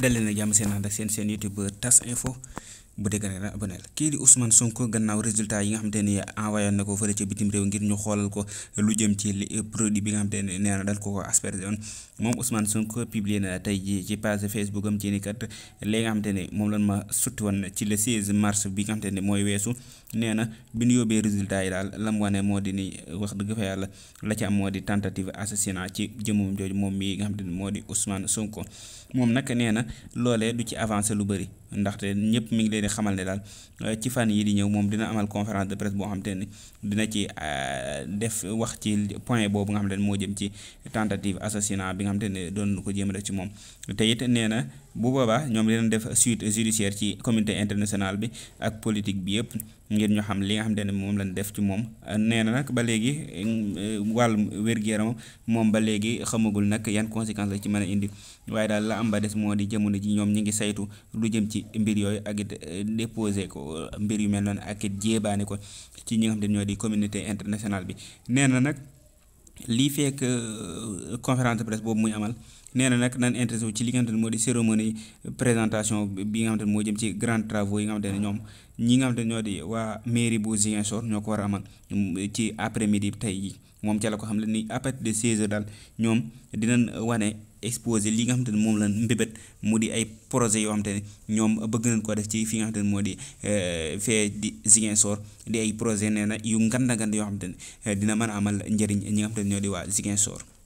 dal leen ak jàmm seen ànd ak seen seen youtube tas info bu dëgëree la aboneel kii di Ousmane Sonko gannaaw résultat yi nga xamante ni envoyé na ko fële ca bitim réew ngir ñu xoolal ko lu jëm ci produit bi nga xamante ne nee na dal ko ko asperger woon moom Ousmane Sonko publié na tey ji ci page Facebook am ni kat li nga xamante ne moom lan ma sutti woon ci le 16 mars bi nga ne mooy weesu nee na bi ñu résultat yi daal lam wane moo di ni wax dëgg yàlla la ci am moo di tentative assassinat ci jëmmum jooju moom mii nga xamante ne moo di Ousmane Sonko moom nag nee na loolee du ci avancé lu bëri ndaxte ñëpp mi ngi leen di xamal ne daal euh, ci fan yi di ñëw moom dina amal conférence de presse boo xam te ne dina ci euh, def wax ci point boobu nga xam te ne moo jëm ci tentative assassinat bi nga xam te ne doon na ko jéem a ci moom te it nee na bu boobaa ñoom dina def suite judiciaire ci communauté internationale bi ak politique bi yëpp. ngir ñu xam li nga xamante ne moom lañ def ci moom nee na nag ba léegi mm, wàllum wér-gu-yaram moom ba léegi xamagul nag yan conséquence la ci mën a indi waaye daal la am ba des moo di jamono ji ñoom ñu ngi saytu lu jëm ci mbir yooyu ak it eh, déposé ko mbir yu mel noonu ak it jéebaane ko ci ñu nga xam ne ñoo di communauté internationale bi nee nag lii fekk euh, conférence de presse boobu muy amal nee na nag nan intéressé wu ci li nga xamante ne moo di cérémonie présentation bi nga xamante ne moo jëm ci grand travaux yi nga xamante ne ñoom ñi nga xamante ne ñoo di waa mairie bu Ziguinchor ñoo ko war a amal mm, ci après midi tey jii moom ca la ko xam ne ni à partir de 16 heures daal ñoom dinan wane. exposé li nga xamante ne moom la mbébét mu di ay projet yoo xamante ne ñoom bëgg nañ ko def ci fi nga xamante ne moo di euh, fee di Ziguinchor di ay projet nee na yu nganda ngand yoo xamante ne euh, dina mën a amal njëriñ ñi nga xamante ne ñoo di waa Ziguinchor